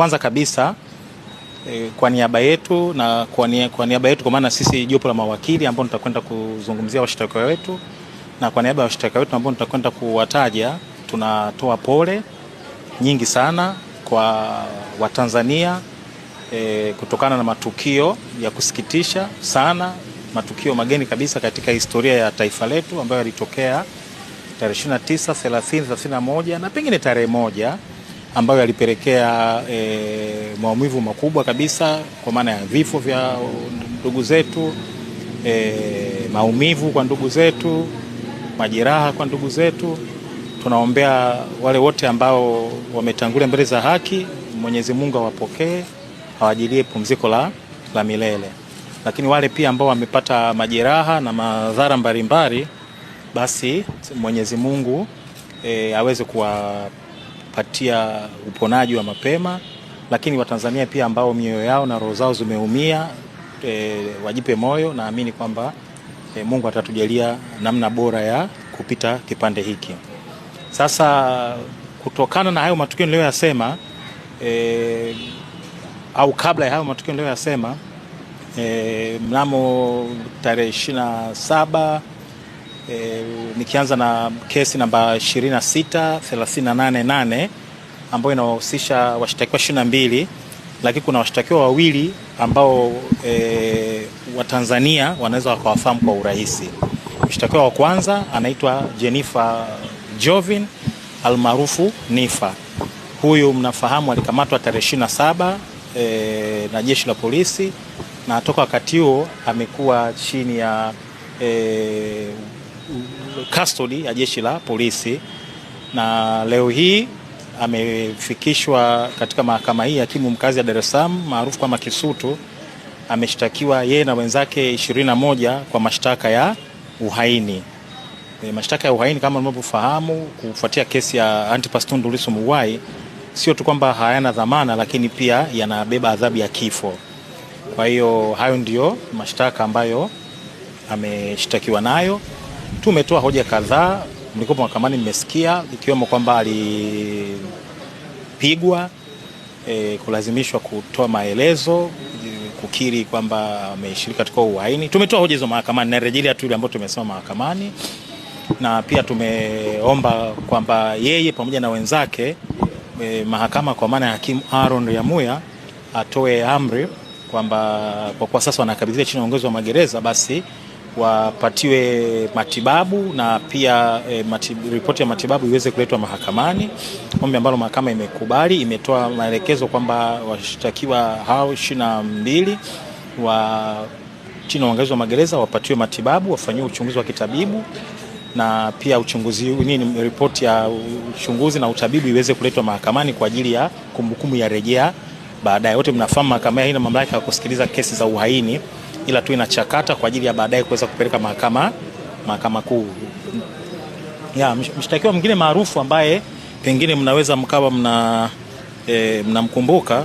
Kwanza kabisa e, kwa niaba yetu na kwa niaba, kwa niaba yetu kwa maana sisi jopo la mawakili ambao tutakwenda kuzungumzia washtakiwa wetu na kwa niaba ya washtakiwa wetu ambao tutakwenda kuwataja, tunatoa pole nyingi sana kwa Watanzania e, kutokana na matukio ya kusikitisha sana, matukio mageni kabisa katika historia ya taifa letu ambayo yalitokea tarehe 29, 30, 31 na pengine tarehe moja ambayo yalipelekea e, maumivu makubwa kabisa kwa maana ya vifo vya ndugu zetu e, maumivu kwa ndugu zetu, majeraha kwa ndugu zetu. Tunaombea wale wote ambao wametangulia mbele za haki, Mwenyezi Mungu awapokee, awajilie pumziko la, la milele. Lakini wale pia ambao wamepata majeraha na madhara mbalimbali, basi Mwenyezi Mungu e, aweze kuwa kuwapatia uponaji wa mapema, lakini Watanzania pia ambao mioyo yao na roho zao zimeumia e, wajipe moyo. Naamini kwamba e, Mungu atatujalia namna bora ya kupita kipande hiki. Sasa kutokana na hayo matukio niliyoyasema, e, au kabla ya hayo matukio niliyoyasema, e, mnamo tarehe 27 e, nikianza na kesi namba 26388 ambayo inawahusisha washtakiwa 22 lakini kuna washtakiwa wawili ambao e, eh, Watanzania wanaweza wakawafahamu kwa urahisi. Mshtakiwa wa kwanza anaitwa Jennifer Jovin almaarufu Nifa. Huyu mnafahamu alikamatwa tarehe 27 e, eh, na jeshi la polisi na toka wakati huo amekuwa chini ya e, custody ya jeshi la polisi, na leo hii amefikishwa katika mahakama hii hakimu mkazi ya Dar es Salaam maarufu kama Kisutu. Ameshtakiwa yeye na wenzake 21 kwa mashtaka ya uhaini. E, mashtaka ya uhaini kama mnavyofahamu, kufuatia kesi ya Antipas Tundu Lissu sio tu kwamba hayana dhamana, lakini pia yanabeba adhabu ya kifo. Kwa hiyo hayo ndiyo mashtaka ambayo ameshtakiwa nayo. Tumetoa hoja kadhaa mlikuwa mahakamani, mmesikia ikiwemo kwamba alipigwa, e, kulazimishwa kutoa maelezo, kukiri kwamba ameshirika katika uhaini. Tumetoa hoja hizo mahakamani na tu ile ambayo tumesema mahakamani, na pia tumeomba kwamba yeye pamoja na wenzake e, mahakama kwa maana ya hakimu Aaron Ryamuya atoe amri kwamba kwa kuwa sasa wanakabidhiwa chini ya uongozi wa magereza basi wapatiwe matibabu na pia e, eh, matibu, ripoti ya matibabu iweze kuletwa mahakamani, ombi ambalo mahakama imekubali. Imetoa maelekezo kwamba washtakiwa hao ishirini na mbili wa chini uangalizi wa magereza wapatiwe matibabu, wafanyiwe uchunguzi wa kitabibu na pia uchunguzi nini, ripoti ya uchunguzi na utabibu iweze kuletwa mahakamani kwa ajili ya kumbukumbu ya rejea baadaye. Wote mnafahamu mahakama haina mamlaka ya kusikiliza kesi za uhaini ila tu inachakata kwa ajili ya baadaye kuweza kupeleka mahakama mahakama kuu. Ya mshtakiwa mwingine maarufu ambaye pengine mnaweza mkawa mna e, mnamkumbuka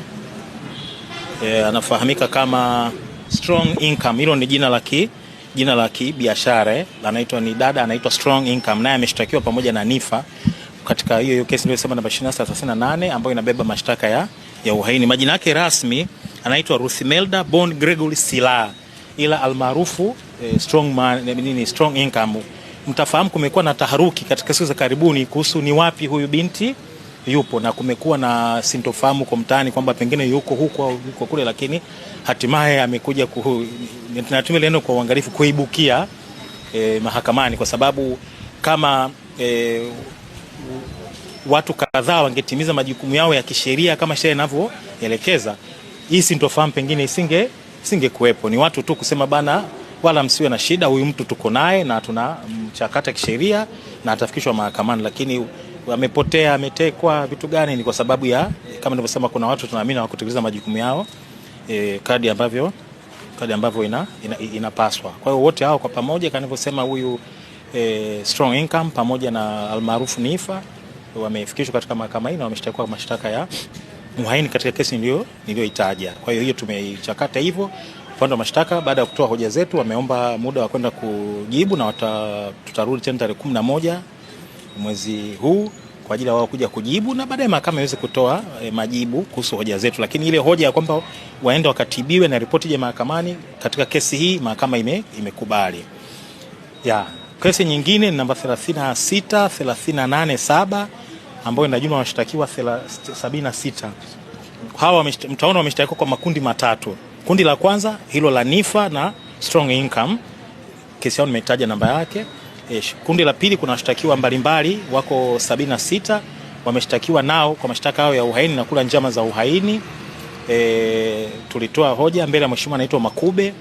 e, anafahamika kama Strong Income. Hilo ni jina la ki jina la kibiashara anaitwa ni dada anaitwa Strong Income, naye ameshtakiwa pamoja na Nifa katika hiyo hiyo kesi iliyosema namba 2638 ambayo inabeba mashtaka ya ya uhaini. Majina yake rasmi anaitwa Ruth Melda Bon Gregory Silaa ila almaarufu eh, strong man, eh, nini, strong income. Mtafahamu kumekuwa na taharuki katika siku za karibuni kuhusu ni wapi huyu binti yupo, na kumekuwa na sintofahamu kwa mtaani kwamba pengine yuko huko au yuko kule, lakini hatimaye amekuja kuhu, natumia neno kwa uangalifu kuibukia eh, mahakamani kwa sababu kama eh, watu kadhaa wangetimiza majukumu yao ya kisheria kama sheria inavyoelekeza, hii sintofahamu pengine isinge singekuwepo. Ni watu tu kusema bana, wala msiwe na shida, huyu mtu tuko naye na tunamchakata kisheria na atafikishwa mahakamani, lakini amepotea, ametekwa, vitu gani? Ni kwa sababu ya kama nilivyosema, kuna watu tunaamini hawakutekeleza majukumu yao e, kadi ambavyo kadi ambavyo ina, ina, ina. Kwa hiyo wote hao kwa pamoja kama kanavyosema huyu e, Strong Income pamoja na almaarufu Nifa wamefikishwa katika mahakama hii na wameshtakiwa mashtaka ya muhaini katika kesi niliyoitaja. Kwa hiyo hiyo tumeichakata hivyo. Upande wa mashtaka baada ya kutoa hoja zetu wameomba muda wa kwenda kujibu na tutarudi tena tarehe kumi na moja mwezi huu kwa ajili ya wao kuja kujibu na baadaye mahakama iweze kutoa e, majibu kuhusu hoja zetu, lakini ile hoja ya kwamba waende wakatibiwe na ripoti ya mahakamani katika kesi hii mahakama ime, imekubali. Ya, kesi nyingine namba 36 387 ambayo ina jumla washtakiwa 76. Hawa mtaona wameshtakiwa kwa makundi matatu. Kundi la kwanza hilo la Nifa na Strong Income, kesi yao nimetaja namba yake. Eish. Eh, kundi la pili kuna washtakiwa mbalimbali wako 76 wameshtakiwa nao kwa mashtaka yao ya uhaini na kula njama za uhaini. E, tulitoa hoja mbele ya mheshimiwa anaitwa Makube.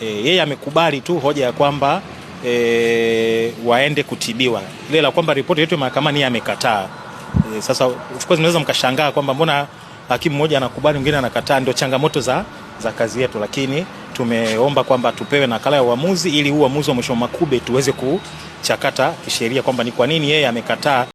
E, yeye amekubali tu hoja ya kwamba e, waende kutibiwa. Ile la kwamba ripoti yetu mahakamani yeye amekataa. E, sasa of course mnaweza mkashangaa kwamba mbona hakimu mmoja anakubali mwingine anakataa, ndio changamoto za, za kazi yetu, lakini tumeomba kwamba tupewe nakala ya uamuzi ili uamuzi wa mwisho Makube tuweze kuchakata kisheria kwamba ni kwa nini yeye amekataa.